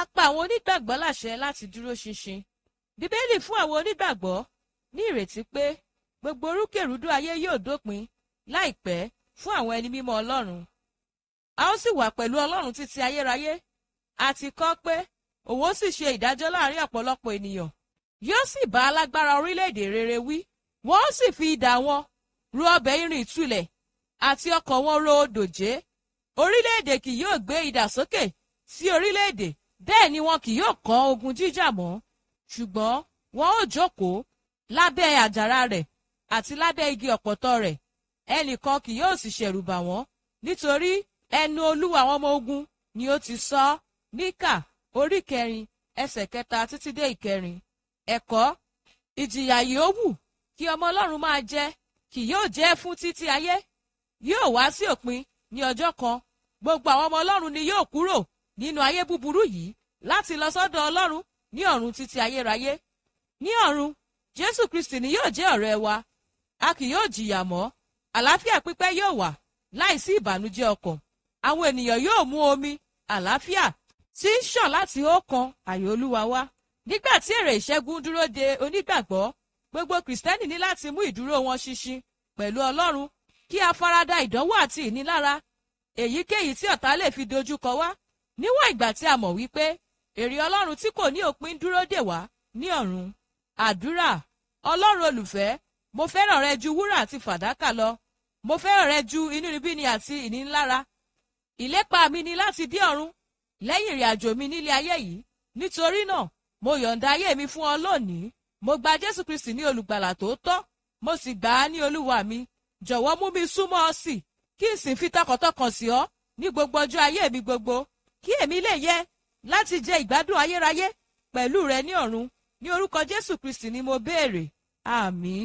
a pa àwọn onígbàgbọ́ láṣẹ láti dúró ṣinṣin bíbélì fún àwọn onígbàgbọ́ ní ìrètí pé gbogbo orúkèrúdò ayé yóò dópin láìpẹ́ fún àwọn ẹni mímọ́ ọlọ́run a ó sì wà pẹ̀lú ọlọ́run títí ayérayé a ti kọ́ pé òun ó sì ṣe ìdájọ́ láàrin ọ̀pọ̀lọpọ̀ ènìyàn yóò sì bá alágbára orílẹ̀-èdè rere wí wọ́n sì fi idà wọn ru ọbẹ̀ irin ìtulẹ̀ àti ọkọ̀ wọn ro odòjé orílẹ̀-èdè kì yóò gbé idà sí orílẹ̀-èdè bẹ́ẹ̀ ni wọn kì yóò kan ogun jíjà mọ́ ṣùgbọ́n wọn ó jókòó lábẹ́ àjàrà rẹ̀ àti lábẹ́ igi ọ̀pọ̀tọ́ rẹ̀ ẹnìkan kì yóò sì ṣẹ̀rù bà wọ́n nítorí ẹnu olúwa àwọn ọmọ ogun ni ó ti sọ níkà orí kẹrin ẹsẹ̀ kẹta títí dé ìkẹrin ẹ̀kọ́ ìjìyà yòówù kí ọmọ ọlọ́run máa jẹ kì yóò jẹ́ fún títí ayé yóò wá sí òpin ní ọjọ́ kan gbogbo àwọn ọmọ ọlọ́run ni yóò kúrò nínú ayé búburú yìí láti lọ sọ́dọ̀ ọlọ́run ní ọ̀run títí ayérayé ní ọ̀run jésù kristi ni yóò jẹ́ ọ̀rẹ́ wa a kì yóò jìyà mọ́ àlàáfíà pípẹ́ yóò wà láìsí ìbànújẹ́ ọkàn àwọn ènìyàn yóò mú omi àlàáfíà tí ń ṣàn láti ọkàn àyè olúwa wá nígbà tí èrè ìṣẹ́gun dúró de onígbàgbọ́ gbogbo kìrìsìtẹ́nì ní láti mú ìdúró wọn ṣinṣin pẹ̀lú ọlọ́run kí a farada ìdánwò àti ìnilára èyíkéyìí tí ọ̀tá lè fi dojúkọ wá níwọ̀n ìgbà tí a mọ̀ wípé èrè ọlọ́run tí kò ní òpin dúró dè wá ní ọ̀run àdúrà ọlọ́run olùfẹ́ mo fẹ́ràn rẹ ju wúrà àti fàdákà lọ mo fẹ́ràn rẹ ju inúnibíni àti ìnílára ìlépa mi ni láti dé ọ̀run lẹ́yìn ìrìn àjò mi nílé ayé yìí nítorí náà mo yọ̀ǹda ayé mi fún ọ lónìí mo gba jésù kristi ní olùgbàlà tòótọ́ mo sì gbà á ní olúwa mi jọ̀wọ́ mú mi súnmọ́ ọ sí kí n sì fi tọkàntọkàn sí ọ ní gbogbo ọjọ́ ayé mi gbogbo kí èmi lè yẹ láti jẹ ìgbádùn ayérayé pẹ̀lú rẹ ní ọ̀run ní orúkọ Jésù Kristi ni mo béèrè àmín.